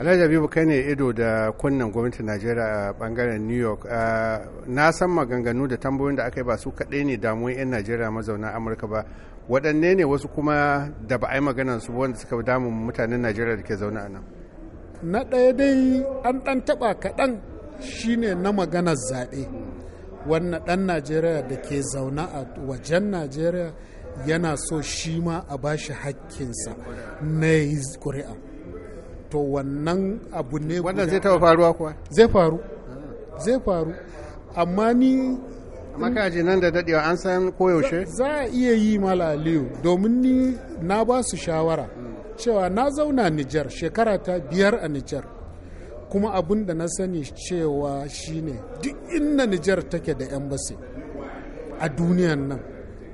Alhaji abubu kai ne ido da kunnen gwamnatin Najeriya a bangaren New York. Na san maganganu da tambayoyin da aka yi ba su kaɗai ne damuwa 'yan Najeriya mazauna Amurka ba. Waɗanne ne wasu kuma da ba a yi maganar su wanda suka damun mutanen Najeriya da ke zaune a nan? Na ɗaya dai an ɗan taɓa kaɗan shine na maganar zaɓe. Wannan ɗan Najeriya da ke zaune a wajen Najeriya yana so shi ma a bashi hakkinsa na ƙuri'a. to wannan abu ne wannan zai taba faruwa kuwa zai faru ah. zai faru amma ni amma ka ji nan da dadewa an san koyaushe za a iya yi malaliyu. domin ni na ba su shawara hmm. cewa na zauna Nijar shekara ta biyar a Nijar kuma abin da na sani cewa shine duk inda Nijar take da embassy a duniyan nan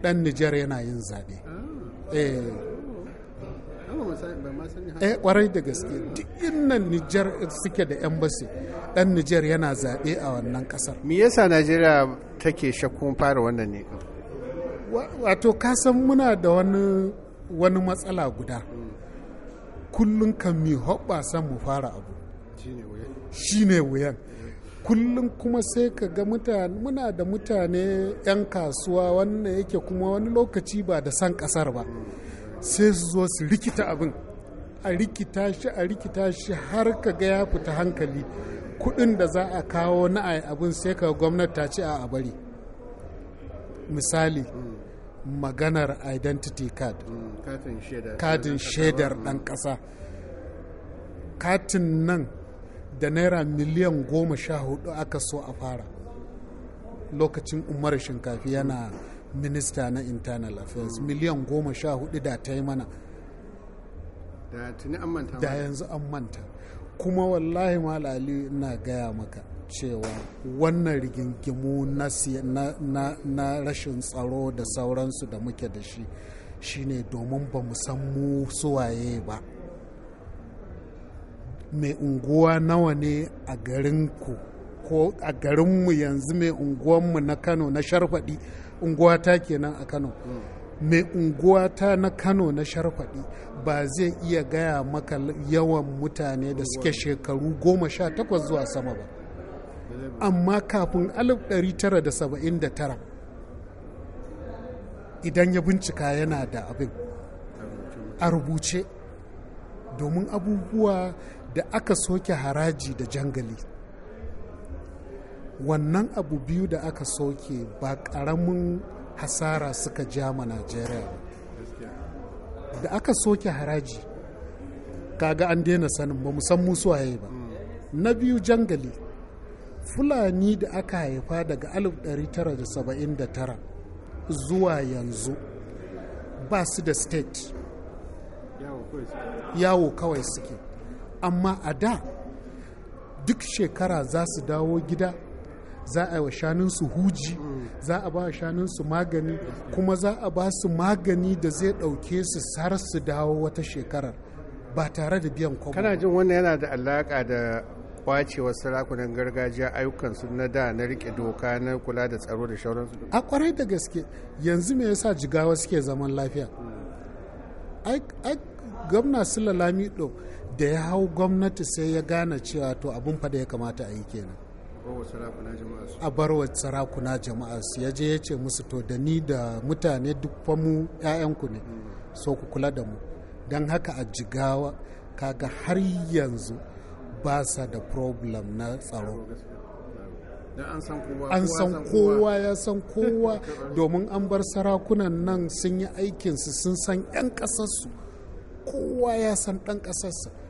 dan Nijar yana yin zaɓe. Ah. Eh. eh kwarai da gaske duk innan Nijar suke da embassy dan Nijar yana zabe a wannan kasar me yasa Najeriya take shakkun fara wannan ne wato kasan muna da wani wani matsala guda kullum kan mi san mu fara abu shi ne wuyan kullum kuma sai ka ga mutane muna da mutane 'yan kasuwa wannan yake kuma wani lokaci ba da san kasar ba sai su zo su rikita abin a rikita shi a rikita shi har ka ga ya fita hankali kudin da za a kawo na abin sai ka gwamnati ta ce a bari misali maganar identity card mm, katin shaidar ɗan ƙasa katin nan da naira miliyan goma sha hudu aka so a fara lokacin umar shinkafi yana minista na internal affairs miliyan goma sha hudu da ta yi mana da yanzu an manta kuma wallahi malali na gaya maka cewa wannan rigingimu na, rashin tsaro da sauransu da muke da shi shine domin ba mu san mu suwaye ba mai unguwa nawa ne a garinku ko a garinmu yanzu mai unguwanmu na kano na unguwa unguwata kenan a kano mai unguwata na kano na sharfadi ba zai iya gaya maka yawan mutane da suke shekaru goma sha takwas zuwa sama ba amma kafin alif 1979 idan ya bincika yana da abin a rubuce domin abubuwa da aka soke haraji da jangali wannan abu biyu da aka soke ba ƙaramin hasara suka ja ma najeriya da aka soke haraji kaga an daina sanin ba san musu waye ba na biyu jangali fulani da aka haifa daga 1979 zuwa yanzu ba su da state yawo kawai suke amma a da duk shekara za su dawo gida za a yi wa shanunsu huji za a ba wa shanunsu magani kuma za a ba su magani da zai ɗauke su har su dawo wata shekarar ba tare da biyan kwamfani kana jin wannan yana da alaƙa da wasu sarakunan gargajiya ayyukan su na da na rike doka na kula da tsaro da shauransu a kwarai da gaske yanzu me yasa jigawa suke zaman lafiya gwamna sulalami lamido da ya hau gwamnati sai ya gane cewa to abin fa ya kamata a yi kenan a barwa sarakuna jama'a su ya je ya ce musu to da ni da mutane duk famu 'ya'yanku ne so ku kula da mu don haka a jigawa kaga har yanzu ba sa da problem na tsaro an san kowa ya san kowa domin an bar sarakunan nan sun yi aikinsu sun san 'yan kasarsu kowa ya san ɗan ƙasarsa